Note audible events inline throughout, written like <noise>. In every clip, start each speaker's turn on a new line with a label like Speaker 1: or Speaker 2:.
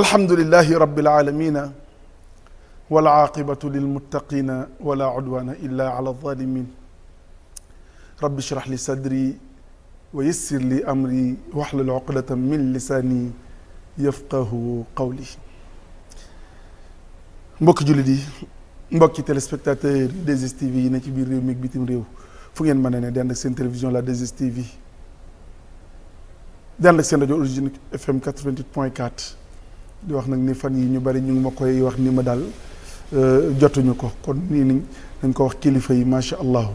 Speaker 1: alhamdulilahi rabil aalamiina wal aaqibatu lil muttaqiina wala cudwaana illaa ala zaalimiin rabbi shrah li sadri wa yassir li amri waxlul uqdatan min lisaani yafqahu qawli. mbokki jullit yi mbokki téléspectateur des stv yi ne ci biir réew mi bitim réew fu ngeen mën a ne dend ak seen télévision la 2STV dend ak seen rajo origine FM 88 point 4 di wax nag ni fan yi ñu bari ñu ngi ma koy wax ni ma daal euh, jotuñu ko kon nii ni nañ ko wax kilifa yi macha allah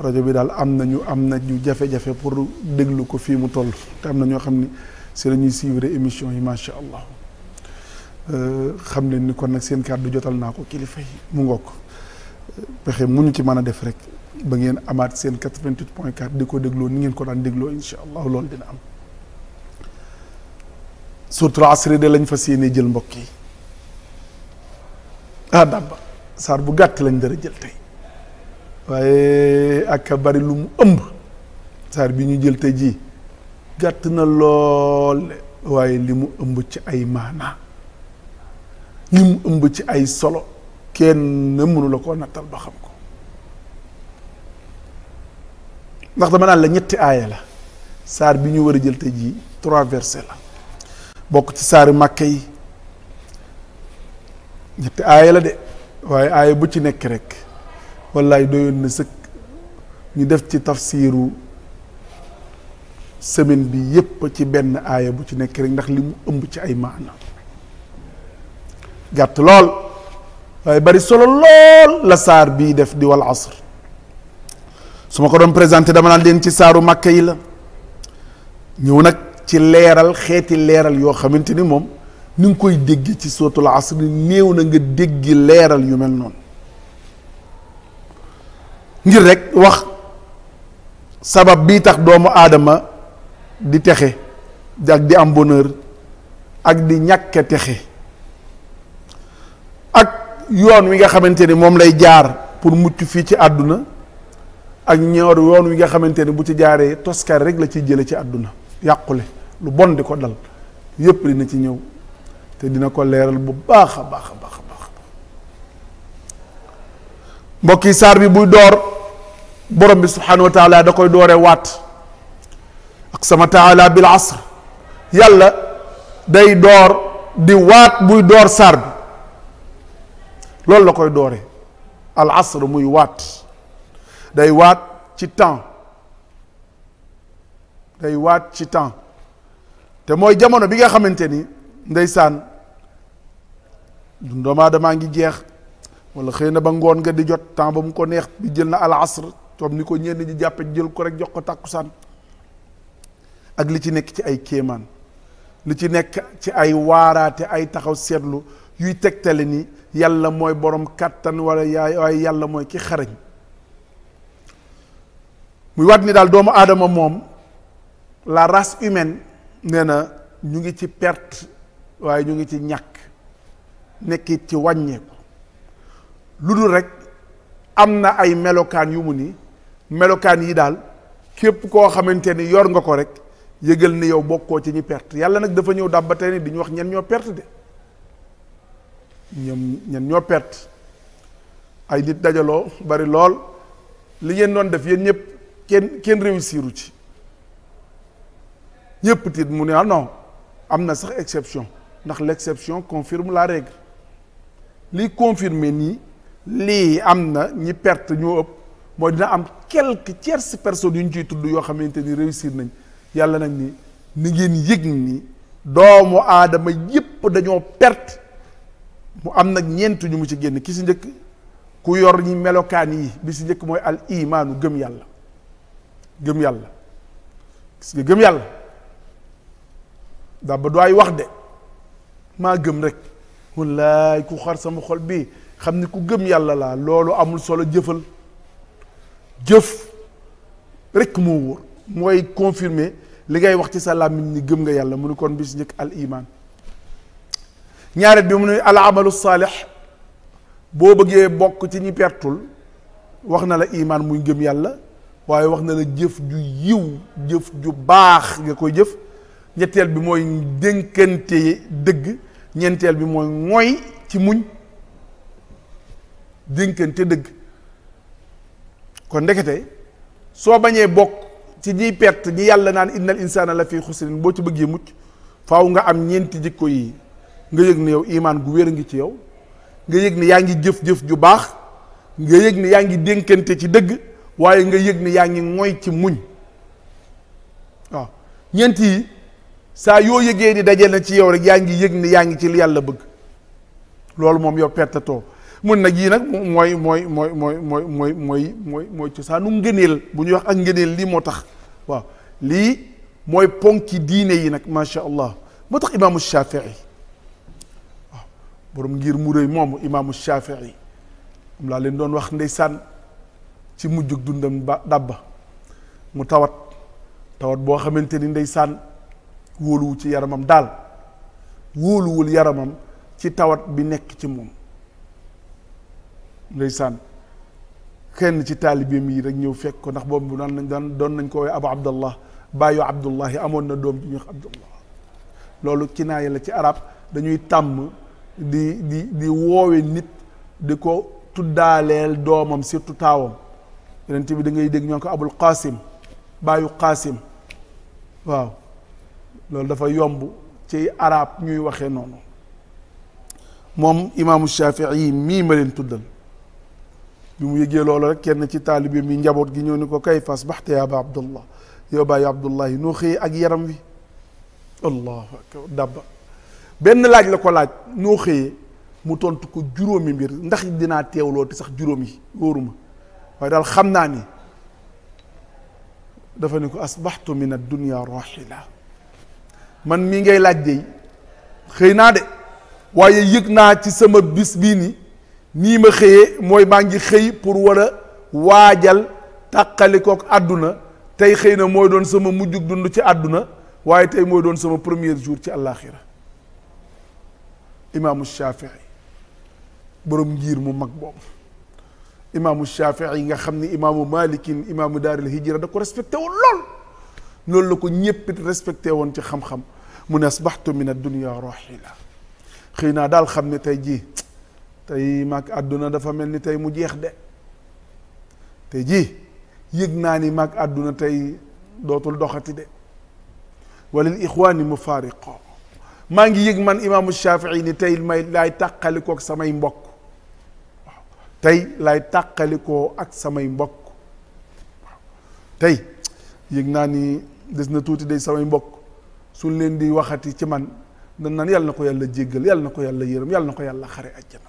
Speaker 1: rajo bi daal am na ñu am na ñu jafe-jafe pour déglu ko fii mu toll te am na ñoo xam ni si la ñuy suivre émission yi macha allah. Euh, xam leen ni kon nag seen kàddu jotal naa ko kilifa yi mu ngokk pexe mu ñu ci mën a def rek ba ngeen amaat seen 88 point 4 di ko dégloo ni ngeen ko daan dégloo incha allah loolu dina am surtout asri de lañ fas yéene jël mbokk yi ah dabba saar bu gàtt lañ dara jël tey waaye ak bari lu mu ëmb saar bi ñu jël te jii gàtt na lool waaye li mu ëmb ci ay maanaa li mu ëmb ci ay solo kenn mënu koo nattal ba xam ko ndax dama naan la ñetti aaya la saar bi ñu war a jëlte te ji trois versets la bokk ci saari màkke yi ñetti aaya la de waaye aaya bu ci nekk rek wallaay doyoon na sëkk ñu def ci tafsiru semaine bi yépp ci benn aaya bu ci nekk rek ndax li mu ëmb ci ay maana gàtt lool waaye bari solo lool la saar bii def di wal asr su ma ko doon présenté dama daan leen ci saaru makk yi la ñëw nag ci leeral xeeti leeral yoo xamante ni moom ni ngi koy dégg ci sootul asr néew na nga dégg leeral yu mel noonu ngir rek wax sabab bii tax doomu aadama di texe ak di am bonheur ak di ñàkk texe yoon wi nga xamante ni moom lay jaar pour mucc fii ci àdduna ak ñaar yoon wi nga xamante ni bu ci jaaree toskar rek la ciy jële ci àdduna yàqule lu bon di ko dal yépp dina ci ñëw te dina ko leeral bu baax a baax a baax baax mbokk yi saar bi buy door borom bi subhanahu da koy dooree waat ak sama taala bil asr yàlla day door di waat buy door saar bi loolu la koy doore al asr muy waat day waat ci temps day waat ci temps te mooy jamono bi nga xamante ni ndeysaan doomu aadama ngi jeex wala xëy na ba ngoon nga di jot temps ba mu ko neex bi jël na al asr comme ni ko ñenn ñi jàppe jël ko rek jox ko tàkku tàkkusaan ak li ci nekk ci ay kéemaan li ci nekk ci ay waaraate ay taxaw seetlu yuy tegtale ni yàlla mooy borom kàttan wala yaay waaye yàlla mooy ki xarañ muy waat ni daal doomu aadama moom la race humaine nee na ñu ngi ci perte waaye ñu ngi ci ñàkk nekkit ci wàññeeku lu dul rek am na ay melokaan yu mu ni melokaan yi daal képp koo xamante ni yor nga ko rek yëgal ni yow bokkoo ci ñi perte yàlla nag dafa ñëw dàbbatee ni di ñu wax ñen ñoo perte de ñoom ñen ñoo perte ay nit dajaloo bari lool li ngeen doon def yéen ñëpp kenn kenn réussiru ci ñëpp mu ne ah non am na sax ndax l'exception confirme la règle li confirmer nii lii am na ñi perte ñoo ëpp mooy am quelques personnes yu ñu yoo xamante ni réussir nañ yàlla nag ni ni ngeen yëg ni doomu aadama yëpp dañoo perte mu am nag ñeent ñu mu ci génn ki si njëkk ku yor ñi melokaan yi bi si njëkk mooy al imaanu gëm yàlla gëm yàlla gis nga gëm yàlla daa ba ay wax de maa gëm rek wallaay ku xar sama xol bii xam ni ku gëm yàlla laa loolu amul solo jëfal jëf rek moo wóor mooy confirmer li ngay wax ci sa làmmiñ ni gëm nga yàlla mu ne kon bis njëkk al iman ñaareel bi mu ne al amalu saalix boo bëggee bokk ci ñi pertul wax na la imaan muy gëm yàlla waaye wax na la jëf ju yiw jëf ju baax nga koy jëf ñetteel bi mooy dénkante dëgg ñeenteel bi mooy mooy ci muñ dénkante dëgg kon ndekete soo bañee bokk ci ñiy perte ñi yàlla naan innal insaana la fi xusrin boo ci bëggee mucc faw nga am ñeenti jikko yi nga yëg ni yow imaan gu wér a ngi ci yow nga yëg ni yaa ngi jëf-jëf ju baax nga yëg ni yaa ngi dénkante ci dëgg waaye nga yëg ni yaa ngi moy ci muñ waaw ñeent yi saa yoo yëgee ni daje na ci yow rek yaa ngi yëg ni yaa ngi ci li yàlla bëgg loolu moom yow pertatoo mun nag yii mooy mooy mooy mooy mooy mooy mooy mooy mooy cosaanu ngëneel bu ñuy wax ak ngëneel lii moo tax waaw lii mooy ponk ponki diine yi nag macha allah moo tax imaamu Shafii boroom ngir mu rëy moomu imaamu Shafii am laa leen doon wax ndeysaan ci mujj dundam ba dabba mu tawat tawat boo xamante ni ndeysaan wóoluwu ci yaramam daal wóoluwul yaramam ci tawat bi nekk ci moom ndeysaan kenn ci taalibeem yi rek ñëw fekk ko ndax boobu daan nañ daan doon nañ ko woowee abu abdallah bàyyu abdullahi amoon na doom ju ñuy wax abdallah loolu kinaaya la ci arab dañuy tàmm di di di woowe nit di ko tuddaaleel doomam surtout taawam yonent bi dangay ngay dégg ñoo ko abul qasim baayu qasim waaw loolu dafa yomb ci arab ñuy waxee noonu moom imaamu shafii mii ma leen tuddal bi mu yëgee loolu rek kenn ci taalibe mi njaboot gi ñëw ni ko kay fas baxte yaa ba abdullah yow bàyyi abdullahi noo xëyee ak yaram wi allahu akbar dabba benn laaj la ko laaj noo xëyee mu tontu ko juróomi mbir ndax dinaa teewloo te sax juróom yi wóoruma waaye daal xam naa ni dafa ne ko asbaxtu min addunia raxila man mii ngay laaj dey xëy naa de waaye yëg naa ci sama bis bii nii nii ma xëyee mooy maa ngi xëy pour war a waajal tàqalikook àdduna tey xëy na mooy doon sama mujjug dund ci àdduna waaye tey mooy doon sama première jour ci àllaaxira imaamu Shafii borom njiir mu mag boobu imaamu Shafii nga xam ni imaamu Malikin imaamu daaril hijra da ko respecté woon lool loolu la ko ñépp it respecté woon ci xam-xam mu ne asbaxtu min addunia roxila xëy naa daal xam ne tey jii tey maag àdduna dafa mel ni tey mu jeex de tey jii yég naa ni maag àdduna tey dootul doxati de walil ixwaani mu faariqoo maa ngi yëg man imaamu Shafii ni tey may laay tàqalikoo ak samay mbokk tey laay tàqalikoo ak samay mbokk waaw tey yëg naa ni des na tuuti day samay mbokk su leen di waxati ci man dan naan yàlla na ko yàlla jéggal yàlla na ko yàlla yërëm yàlla na ko yàlla xare ajjana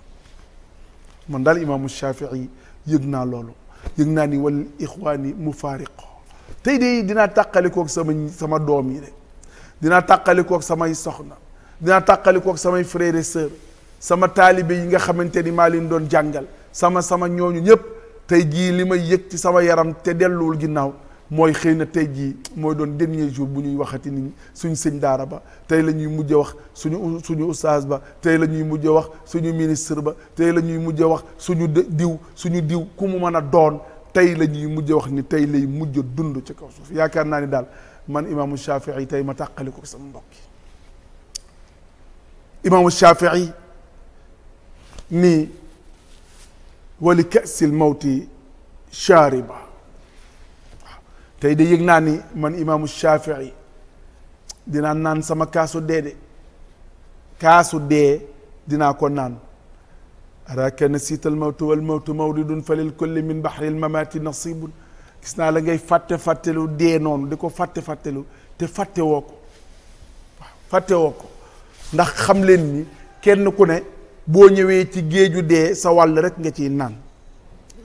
Speaker 1: man daal imaamu Shafii yëg naa loolu yëg naa ni wal ixwaani mu faariqo tey de dinaa tàqalikoo ak sama sama doom yi de dinaa tàqalikoo samay soxna dinaa tàqalikoo ak samay frères et sama taalibe yi nga xamante ni maa leen doon jàngal sama sama ñooñu ñëpp tey jii li may yëg ci sama yaram te delluwul ginnaaw mooy xëy na tey jii mooy doon dernier jour bu ñuy waxati ni suñ sëñ daara ba tey la ñuy mujj wax suñu suñu oustaz ba tey la ñuy mujj wax suñu ministre ba tey la ñuy mujj wax suñu diw suñu diw ku mu mën a doon tey la ñuy mujj wax ni tey lay mujj dund ci kaw suuf yaakaar naa ni daal man imaamu Shafii tey ma tàqali ko sama mbokk imaamu Shafii ni wali kasil mawti shaariba tey de yëg ni man imaamu Shafii dinaa naan sama kaasu dee de kaasu dee dinaa ko naan araaka nasiita almawtu walmawtu mawridun fa lil kulli min baxri almamaati nasibun gis naa la ngay fàtte fàttelu dee noonu di ko fàtte fàttelu te fàtte woo ko waaw woo ko ndax xam leen ni kenn ku ne boo ñëwee ci géeju dee sa wàll rek nga ciy naan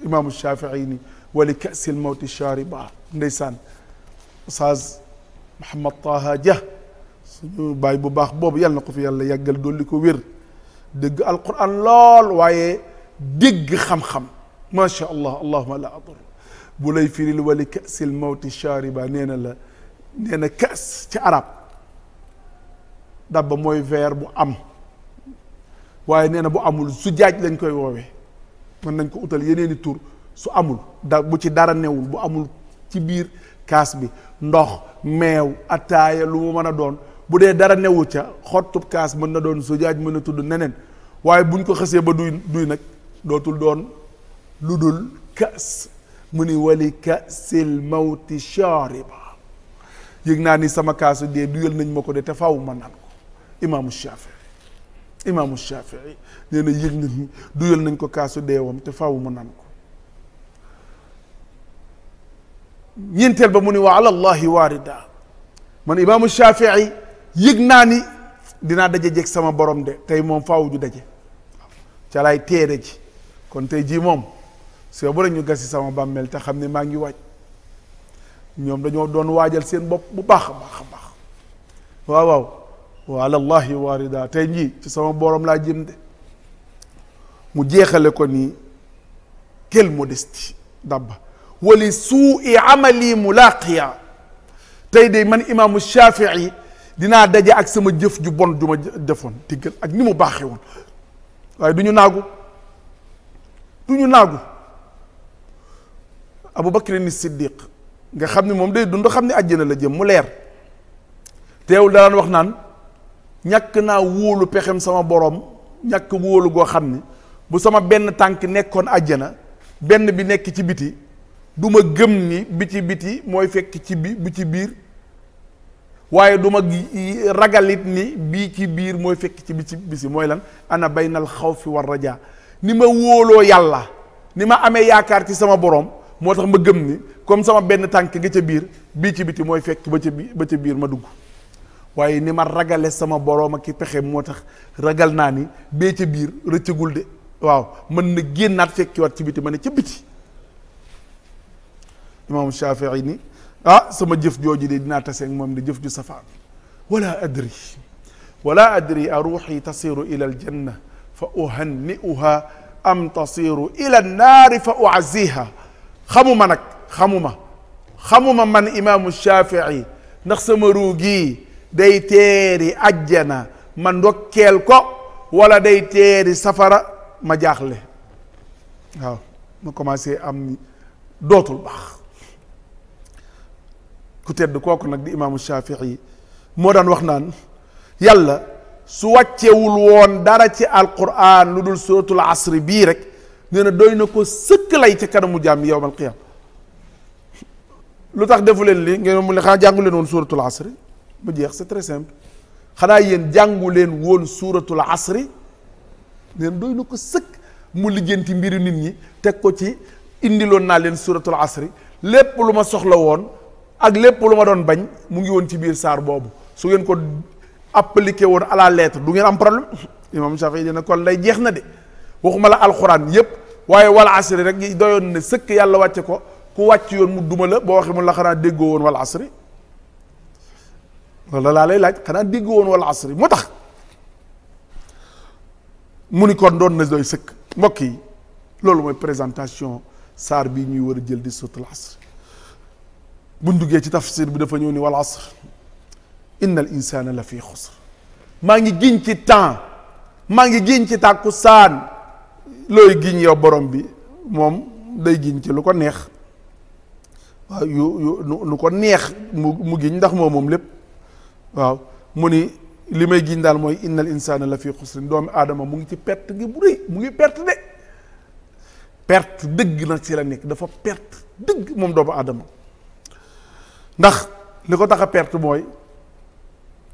Speaker 1: imaamu shafii ni wali kasil mawti shariba ndeysaan oustaz Mouhamad Taha Dia suñu baay bu baax boobu yàlla na ko fi yàlla yàggal dolli ko wér dégg alquran lool waaye dégg xam-xam macha allah allahuma la adur bu lay firil wali kasil mawti shariba nee na la nee na ci arab dabba mooy verre bu am waaye nee na bu amul zujaaj lañ koy woowee mën nañ ko utal yeneeni tur su amul da bu ci dara newul bu amul ci biir kaas bi ndox meew ataaya lu mu mën a doon bu dee dara newul ca xottub kaas mën na doon zujaaj mën na tudd neneen waaye buñ ko xësee ba duy duy nag dootul doon lu dul kaas mu ni wali kaasil mawti shariba yëg naa ni sama kaasu dee duyal nañ ma ko de te faw ma naan imaamu Shafii imaamu Shafii nee na yëg na ni duyal nañ ko kaasu deewam te faaw mu naan ko ñeenteel ba mu ni wa ala llahi waarida man imaamu Shafii yëg naa ni dinaa daje jeg sama borom de tey moom faaw ju daje ca laay teere ji kon tey jii moom soo bu ñu gas ci sama bàmmeel te xam ne maa ngi waaj ñoom dañoo doon waajal seen bopp bu baax a baax baax waaw wa ala llahi waarida tey jii ci sama borom laa jëm de mu jeexale ko nii quelle modestie dabba wali suui amali mulaaqiya tey de man imaamu shafii dinaa daje ak sama jëf ju bon ju ma defoon diggal ak ni mu baaxee woon waaye du ñu naagu du ñu naagu abu ni siddiq nga xam ne moom day dund xam ne àjjana la jëm mu leer teewul daan wax naan ñàkk naa wóolu pexem sama borom ñàkk wóolu goo xam ni bu sama benn tànk nekkoon àjjana benn bi nekk ci biti duma gëm ni bi ci biti mooy fekk ci bi ci biir waaye du ma ragalit ni bii ci biir mooy fekk ci bi bisi mooy lan ana baynal fi war rajaa ni ma wóoloo yàlla ni ma amee yaakaar ci sama borom moo tax ma gëm ni comme sama benn tànk nga ca biir bi ci biti mooy fekk ba ca bi ba ca biir ma dugg waaye ni ma ragale sama boroom ak i pexe moo tax ragal naa ni bee ca biir rëccagul de waaw mën na génnaat fekkiwaat ci biti ma ne ca biti imaam Shafii ni ah, sama jëf jooju de dinaa taseeg moom de jëf ju safaan wala adri wala adri a ruuxi tasiru ila aljanna fa uhanniuha am tasiru ila annaari fa uaziha xamuma nag xamuma xamuma man imaamu Shafii ndax sama ruu day teeri ajjana ma ndokkeel ko wala day teeri safara ma jaaxle waaw ma commencé am dootul baax ku tedd kooku nag di imaamu Shafii moo daan wax naan yàlla su wàccewul woon dara ci alquran lu dul suratul asri bii rek nee na doy na ko sëkk lay ci kanamu jàmm yowmal qiyaama lu tax defu leen lii ngeen mu ne xaa jàngu leen woon suratul asri mu jeex c'est très xanaa yéen jàngu leen woon suuratul asri leen doy na ko sëkk mu lijjanti mbiru nit ñi teg ko ci indiloon naa leen suuratul asri lépp lu ma soxla woon ak lépp lu ma doon bañ mu ngi woon ci biir saar boobu su ngeen ko appliqué woon alaa la du ngeen am problème <laughs> imam Shafi dina kon lay jeex na de waxuma la alxuraan yépp waaye wal asri rek doyoon ne sëkk yàlla wàcce ko ku wàcc yoon mu duma la boo waxee mu la xanaa déggoo woon wal loolu laa lay laaj xanaa dégg woon wala asri moo tax mu ni kon doon na doy sëkk mbokk yi loolu mooy présentation saar bi ñuy war a jël di suuratul asr buñ duggee ci tafsir bi dafa ñëw ni wal asr inna al insana la fii xusr maa ngi giñ ci temps maa ngi giñ ci tàkku saan looy giñ yow borom bi moom day giñ ci lu ko neex waaw yu yu nu ko neex mu mu giñ ndax moo moom lépp waaw mu ni li may giñ daal mooy innal insaana la fi xusrin aadama mu ngi ci perte gi bu rëy mu ngi perte de perte dëgg nag ci la nekk dafa perte dëgg moom doomu aadama ndax li ko tax a perte mooy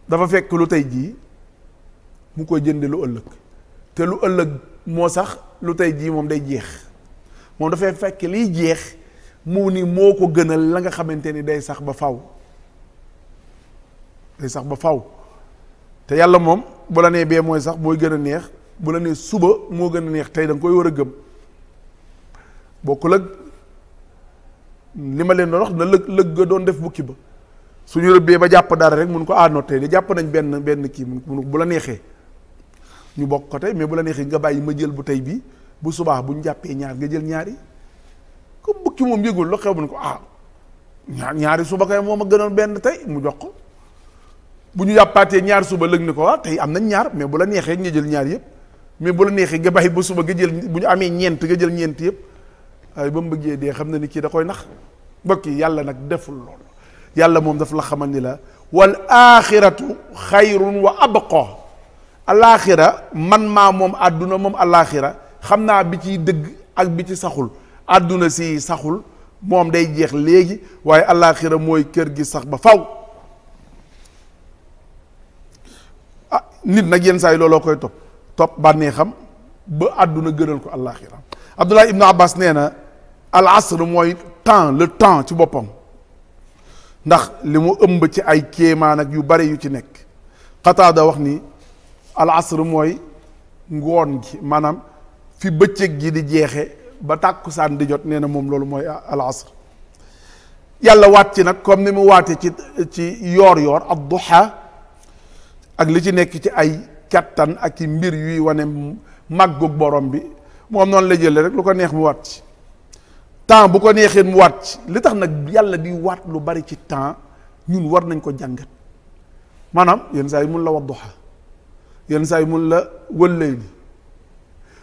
Speaker 1: dafa fekk lu tey jii mu ko jëndee lu ëllëg te lu ëllëg moo sax lu tey jii moom day jeex moom dafay fekk liy jeex mu ni moo ko gëna la nga xamante ni day sax ba faw day sax ba faw te yàlla moom bu la nee bee mooy sax mooy gën a neex bu la nee suba moo gën a neex tey da nga war a gëm bokkul ak li ma leen doon na lëg lëg doon def bukki ba suñu rëbbee ba jàpp dara rek mun ko àndoo ah, tey de nañ benn benn kii bu la neexee ñu bokk ko tey mais bu la neexee nga bàyyi ma jël bu tey bii bu subaa bu ñu jàppee ñaar nga jël ñaari comme bukki moom yëgul la xew mun ko ah ñaar ñaari suba kay moom a gënoon benn tey mu jox ko bu ñu yàppaatee ñaar suba lëg ni ko waa ah, tey am nañ ñaar mais bu la neexee nga jël ñaar yëpp mais bu la neexee nga bàyyi ba suba nga jël bu ñu amee ñeent nga jël ñeent yëpp waaye ba mu bëggee dee xam na ni kii da koy nax mbokk yi yàlla nag deful loolu yàlla moom daf la xamal ni la wal axiratu xayrun wa abqa alaaxira man maa moom àdduna moom alaaxira xam naa bi ciy dëgg ak bi ci saxul àdduna si saxul moom day jeex léegi waaye alaaxira mooy kër gi sax ba faw nit nag yenn saa yi looloo koy topp topp bànneexam ba àdduna gënal ko àllaaxira Abdullah ibnu Abbas nee na al asr mooy temps le temps ci boppam ndax li mu ëmb ci ay kéemaan ak yu bare yu ci nekk Qataada wax ni al asr mooy ngoon gi maanaam fi bëccëg gi di jeexe ba tàkkusaan di jot nee na moom loolu mooy al asr yàlla waat ci nag comme ni mu waate ci ci yoor yoor ad duha ak li ci nekk ci ay kattan ak i mbir yuy wane màggug borom bi moom noonu la jële rek lu ko neex mu waat ci temps bu ko neexee mu waat ci li tax nag yàlla di wat lu bari ci temps ñun war nañ ko jàngat maanaam yenn saa yi mun la wadduha yenn saa yi mun la wëllëyli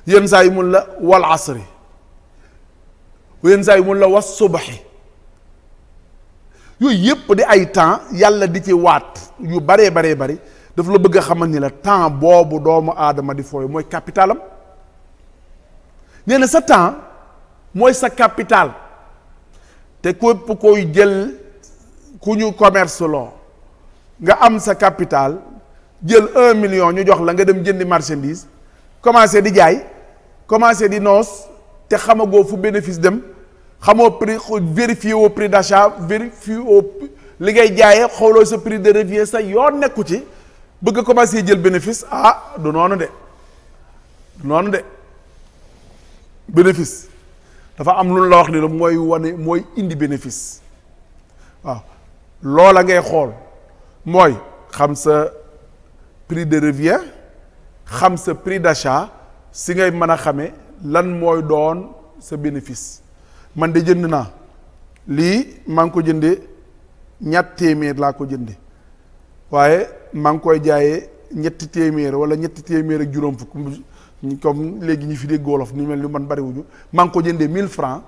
Speaker 1: yenn saa yi mun la wal asri yenn saa yi mun la was subaxi yooyu yépp di ay temps yàlla di ci waat yu baree baree bari daf la bëgg a xamal ni la temps boobu doomu aadama di fooy mooy capitalam nee na sa temps mooy sa capital te képp koy jël ku ñu commerce loo nga am sa capital jël un million ñu jox la nga dem jëndi marchandise commencé di jaay commencé di noos te xamagoo fu bénéfice dem xamoo prix vérifié au prix d'achat vérifié au li ngay jaayee xooloo sa prix de revient sa yoon nekku ci bëgg commencé jël bénéfice ah du noonu de du noonu de bénéfice dafa am lu la wax ni la mooy wane mooy indi bénéfice waaw loola ngay xool mooy xam sa prix de revient xam sa prix d'achat si ngay mën a xamee lan mooy doon sa bénéfice man de jënd naa lii maa ngi ko jënde ñatt téeméer laa ko jënde waaye maa ngi koy jaayee ñetti téeméer wala ñetti téeméer ak juróom fukk comme léegi ñu fi de golof ñu mel ni man bariwuñu maa ngi ko jëndee mille francs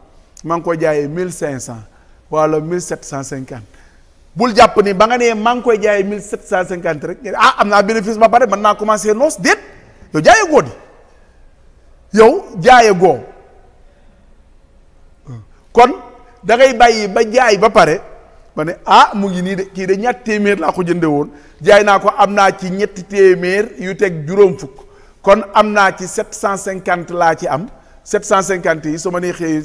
Speaker 1: maa ngi koy jaayee mille cinq cent wala mille sept cent cinquante bul jàpp ni ba nga nee maa ngi koy jaaye mille sept cent cinquante rek ah am naa bénéfice ba pare mën naa commencé noos déet yow jaaye goo di yow jaaye goo kon da ngay bàyyi ba jaay ba pare ba ne ah mu ngi nii de kii de ñetti téeméer laa ko jënde woon jaay naa ko am naa ci ñetti téeméer yu teg juróom fukk kon am naa ci sept cent cinquante laa ci am sept cent cinquante yi su ma neexee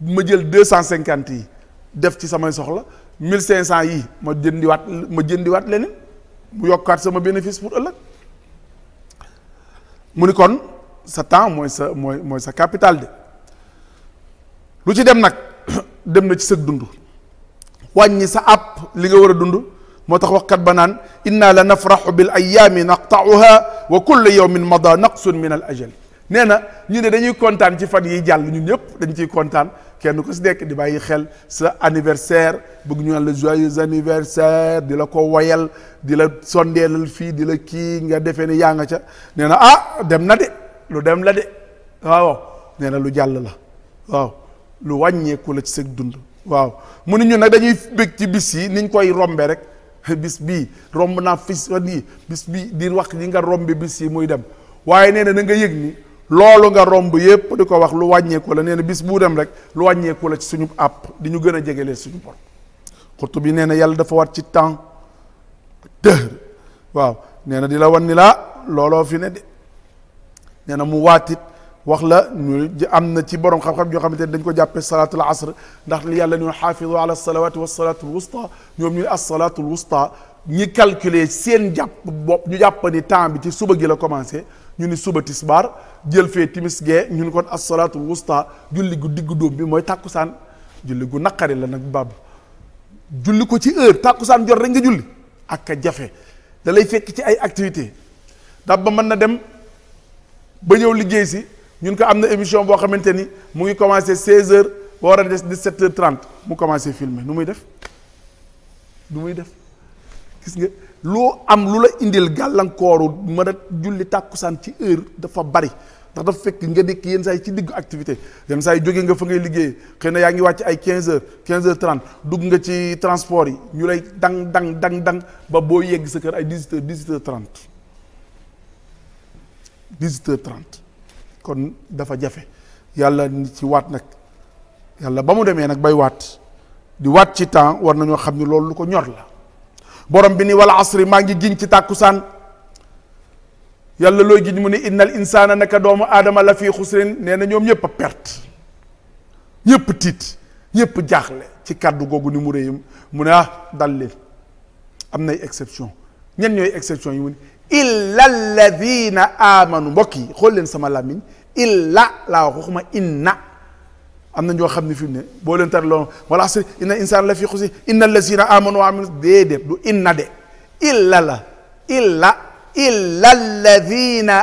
Speaker 1: ma jël deux cent cinquante yi def ci samay soxla mille cinq cent yi ma jëndiwaat ma jëndiwaat leneen mu yokkaat sama bénéfice pour ëllëg mu ni kon sa temps mooy sa mooy sa capital de lu ci dem nag <clears throat> dem na ci sa dund wàññi sa àpp li nga war a dund moo tax waxkat ba naan inna la nafraxu bil ayaami naqtauha wa kullu yawmin mada naqsun min al ajali nee na ñu ne dañuy kontaan ci fan yi jàll ñu ñëpp dañ ciy kontaan kenn ku si dekk di bàyyi xel sa anniversaire bëgg ñu naan la anniversaire di la ko woyal di la sondeelal fii di la kii nga defee ne yaa nga ca nee na ah dem na de lu dem la de waaw nee lu jàll la waaw lu wàññeeku la ci sa dund waaw mu ne ñun nag dañuy bëgg ci bis yi niñ koy rombe rek <laughs> bis bii romb naa fis nii bis bii di wax ñi nga rombi bis yi muy dem waaye nee na na nga yëg ni loolu nga romb yépp di ko wax lu wàññeeku la nee na bis bu dem rek lu wàññeeku la ci suñu àpp di ñu gën a jegelee suñu bor xurtu bi nee na yàlla dafa war ci temps dër waaw nee na di la wan ni laa looloo fi ne de nee na mu waatit wax la ñu am na ci borom xam-xam yoo xamante ne dañ ko jàppee salaatul asr ndax li yàlla ñun xaafidu ala salawaati wa salaatul wusta ñoom ñu as salaatul wusta ñi calculer seen jàpp bopp ñu jàpp ni temps bi ci suba gi la commencé ñu ni suba tisbaar jël fee timis gee ñu ni kon as salaatul wusta julli gu diggu dóom bi mooy tàkkusaan julli gu naqari la nag bab julli ko ci heure tàkkusaan jot rek nga julli ak a jafe da lay fekk ci ay activité dab ba mën na dem ba ñëw liggéey si ñun ko am na émission boo xamante ni mu ngi commencé 16h ba war a des 17h30 mu commencé filmer nu muy def nu muy def gis nga loo am lu la indil gàllankooru mën a julli tàkkusaan ci heure dafa bari ndax dafa fekk nga dikk yenn saa yi ci diggu activité yenn saa yi jóge nga fa ngay liggéey xëy na yaa ngi wàcc ay 15 heures 15 heures 30 dugg nga ci transport yi ñu lay dang dang dang dang ba boo yegg sa kër ay 18 heures 18 heures 30 18 kon dafa jafe yàlla ni ci waat nag yàlla ba mu demee nag bay waat di waat ci temps war na ñoo xam ni loolu lu ko ñor la borom bi ni wala asri maa ngi giñ ci tàkkusaan yàlla looy giñ mu ni innal insaana naka doomu aadama la fii xusrin nee na ñoom ñëpp a perte ñëpp tiit ñëpp jaaxle ci kàddu googu ni mu réy mu ne ah dal am nay exception ñen ñooy exception yi mu ni illa alladina amanu mbokk yi xool leen sama làmmiñ illa laa wax waxuma inna am na ñoo xam ne fi mu ne boo leen tar loon wala asri inna insaan la fi xusi inna allazina amanu wa amilu déedéet du inna de illa la illa illa alladina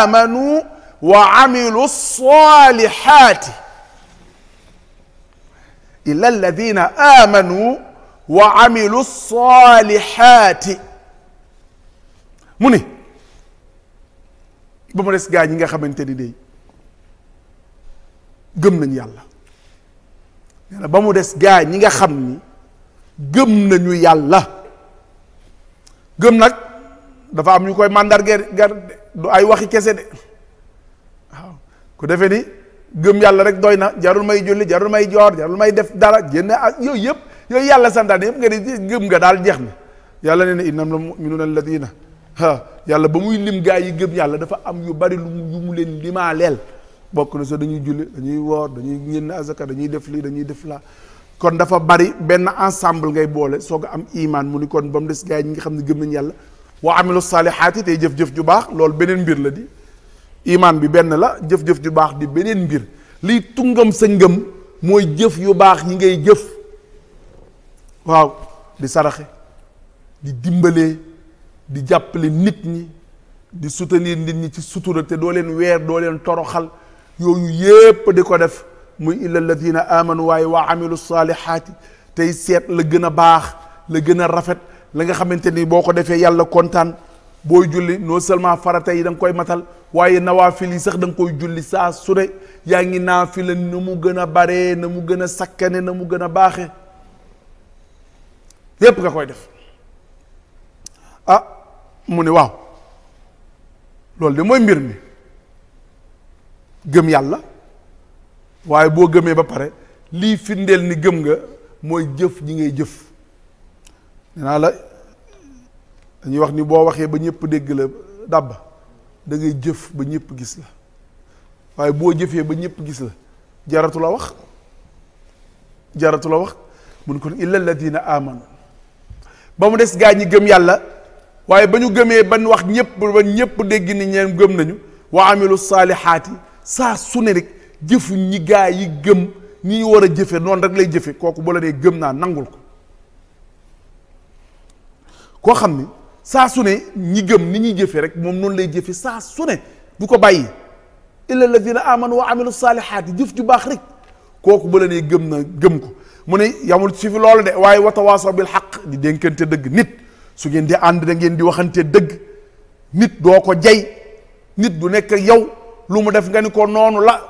Speaker 1: amanu wa amilu salihaati illa alladina amanu wa amilu salihaati mu ne ba mu des gaa ñi nga xamante ni day gëm nañ yàlla nee na ba mu des gaa ñi nga xam ni gëm nañu yàlla gëm nag dafa am ñu koy màndarge gar du ay waxi kese de waaw ku defee ni gëm yàlla rek doy na jarul may julli jarul may joor jarul may def dara génn ak yooyu yëpp yooyu yàlla santaane yëpp nga di gëm nga daal jeex na yàlla nee na innam la muminuna diina ah yàlla ba muy lim gaa yi gëm yàlla dafa am yu bari lu mu yu mu leen limaaleel bokk na so dañuy julli dañuy woor dañuy génn azaka dañuy def lii dañuy def la kon dafa bari benn ensemble ngay boole soo ko am imaan mu ni kon ba mu des gaa yi ñi nga xam ne gëm nañ yàlla wa amilu saalihaati tey jëf-jëf ju baax loolu beneen mbir la di iman bi benn la jëf-jëf ju baax di beneen mbir liy tungam sa ngëm mooy jëf yu baax yi ngay jëf waaw di saraxe di dimbalee di jàppale nit ñi di soutenir nit ñi ci sutura te doo leen weer doo leen toroxal yooyu yépp di ko def muy illa alladina amanu waaye waa amilu saalihaati tey seet la gën a baax la gën a rafet la nga xamante ni boo ko defee yàlla kontaan booy julli noo seulement farata yi da nga koy matal waaye nawaafil yi sax danga koy julli saa sure yaa ngi naafila ni mu gën a bare na mu gën a sakkane na mu gën a baaxe yépp nga koy def ah, mu ni waaw loolu de mooy mbir mi gëm yàlla waaye boo gëmee ba pare lii findeel ni gëm nga mooy jëf ji ngay jëf nee naa la dañuy wax ni boo waxee ba ñëpp dégg la dàbb da jëf ba ñépp gis la waaye boo jëfee ba ñëpp gis la jaratu wax jaratu la wax mun kon illa alladina amanu ba mu des gaa ñi gëm yàlla waaye ba ñu gëmee ban wax ñëpp ba ñëpp dégg ni ñeen gëm nañu wa amilu saalihaati saa su ne rek jëfu ñi gaa yi gëm ñi ñu war a jëfe noonu rek lay jëfe kooku bu la nee gëm naa nangul ko koo xam ni saa su ne ñi gëm ni ñuy jëfe rek moom noonu lay jëfe saa su ne du ko bàyyi illa alladina amanu wa amilu saalihaati jëf ju baax rek kooku bu la gëm na gëm ko mu ne yamul ci fi loolu de waaye watawaasaw bil xaq di dénkante dëgg nit su ngeen di ànd da ngeen di waxante dëgg nit doo ko jay nit du nekk yow lu mu def nga ni ko noonu la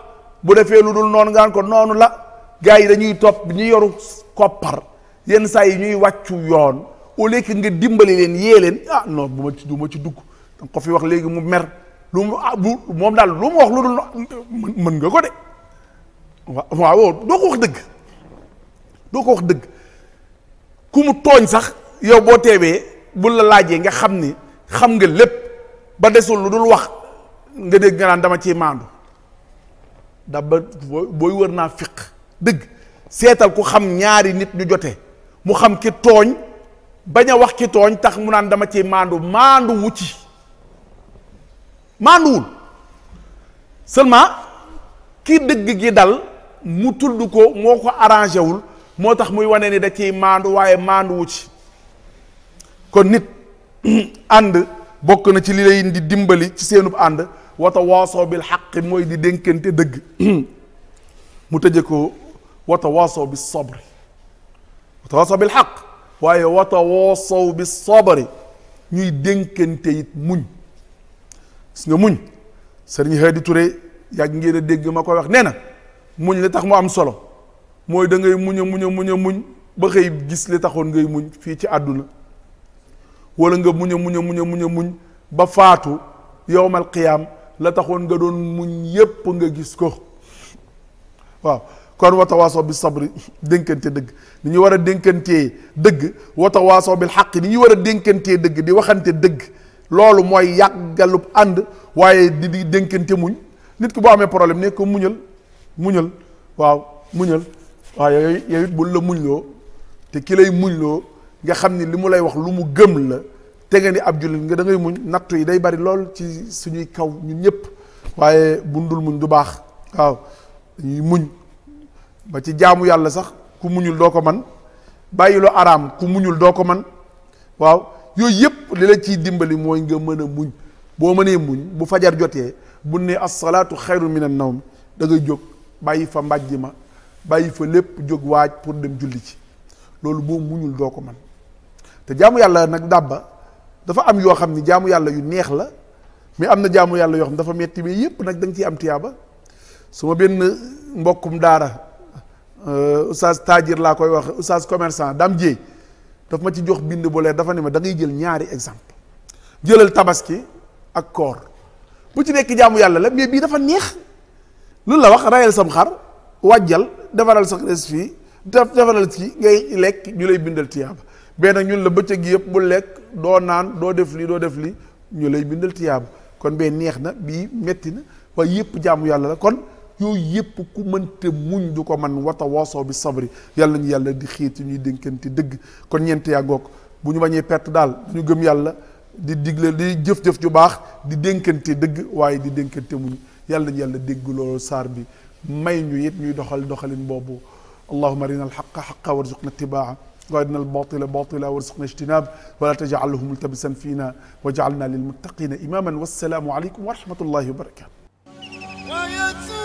Speaker 1: bu defee lu dul noonu nga ni ko noonu la gars yi dañuy topp bi ñu yoru koppar yenn saa yi ñuy wàccu yoon au lieu nga dimbali leen yee leen ah non bu ma ci du ci dugg danga ko fi wax léegi mu mer lu mu ah bu moom daal lu mu wax lu dul mën nga ko de waaw doo ko wax dëgg doo ko wax dëgg ku mu tooñ sax yow boo teebee bu la laaj laajee nga xam ni xam nga lépp ba desul lu dul wax nga dégg nga naan dama ciy maandu da ba booy wër naa fiq dëgg seetal ku xam ñaari nit ñu jote mu xam ki tooñ bañ a wax ki tooñ tax mu naan dama ciy maandu maandu wu ci maanduwul seulement ki dëgg gi dal mu tudd ko moo ko arrangé wul moo tax muy wane ni da ciy maandu waaye maandu ci kon nit <clears throat> ànd bokk na ci li lay di dimbali ci seenub ànd wata waasoo bi xaqi mooy di dénkante dëgg <clears throat> mu tëje ko wata waasoo bi sobri wata waasoo bil xaq waaye wata waasoo bi sobri ñuy dénkante it muñ gis nga muñ sëriñ Hadi Touré yàgg ngeen a dégg ma koy wax nee na muñ la tax mu am solo mooy dangay muñ a muñ a muñ a muñ ba xëy gis li taxoon ngay muñ fii ci àdduna wala nga muñ a muñ a muñ muñ a ba faatu yowmal qiyaam la taxoon nga doon muñ yépp nga gis ko waaw kon watawaasaw bi sabri dénkante dëgg ni ñu war a dénkantee dëgg watawaasaw bil xaq ni ñu war a dénkantee dëgg di waxante dëgg loolu mooy yàggalub ànd waaye di di dénkante muñ nit ki boo xamee problème ne ko muñal muñal waaw muñal waaw yooyu yooyu it bul la muñ te ki lay muñ nga xam ni li mu lay wax lu mu gëm la te nga ni ab jullit nga da ngay muñ nattu yi day bari lool ci suñuy kaw ñun ñëpp waaye bundul muñ du baax waaw muñ ba ci jaamu yàlla sax ku muñul doo ko man bàyyi bàyyiloo araam ku muñul doo ko man waaw yooyu yëpp li la ciy dimbali mooy nga mën a muñ boo mënee muñ bu fajar jotee bu ne asalaatu xayru min an nawm da ngay jóg bàyyi fa mbàjj ma bàyyi fa lépp jóg waaj pour dem julli ci loolu boo muñul doo ko man te jaamu yàlla nag ndàbba dafa am yoo xam ni jaamu yàlla yu neex la mais am na jaamu yàlla yoo xam dafa metti mais yépp nag da nga am tiyaaba su ma benn mbokkum daara euh, oustaz tajir laa koy wax oustaz commerçant dam jéey daf ma ci jox bind bu dafa ne ma jël ñaari exemple jëlal tabaski ak koor bu ci nekk jaamu yàlla la bii dafa neex lu la wax rayal sam xar wàjjal defaral sa res fii defaral ci ngay lekk ñu lay bindal tiyaaba bee nag ñun la bëccëg yëpp bu lekk doo naan doo def lii doo def lii ñu lay bindal tiyaab kon bee neex na bii metti na waaye yëpp jaamu yàlla la kon yooyu yëpp ku mënte muñ du ko man wata waasoo bi sabri yàlla ñu yàlla di xiiti ñuy dénkante dëgg kon ñeent yaa goog bu ñu bañee perte daal ñu gëm yàlla di digle di jëf-jëf ju baax di dénkante dëgg waaye di dénkante muñ yàlla ñu yàlla dégg loolu saar bi may ñu it ñuy doxal doxalin boobu allahuma arina alxaqa xaqa warzuqna tibaa وارنا الباطل باطلا وارزقنا اجتناب ولا تجعله ملتبسا فينا واجعلنا للمتقين إماما والسلام عليكم ورحمة الله وبركاته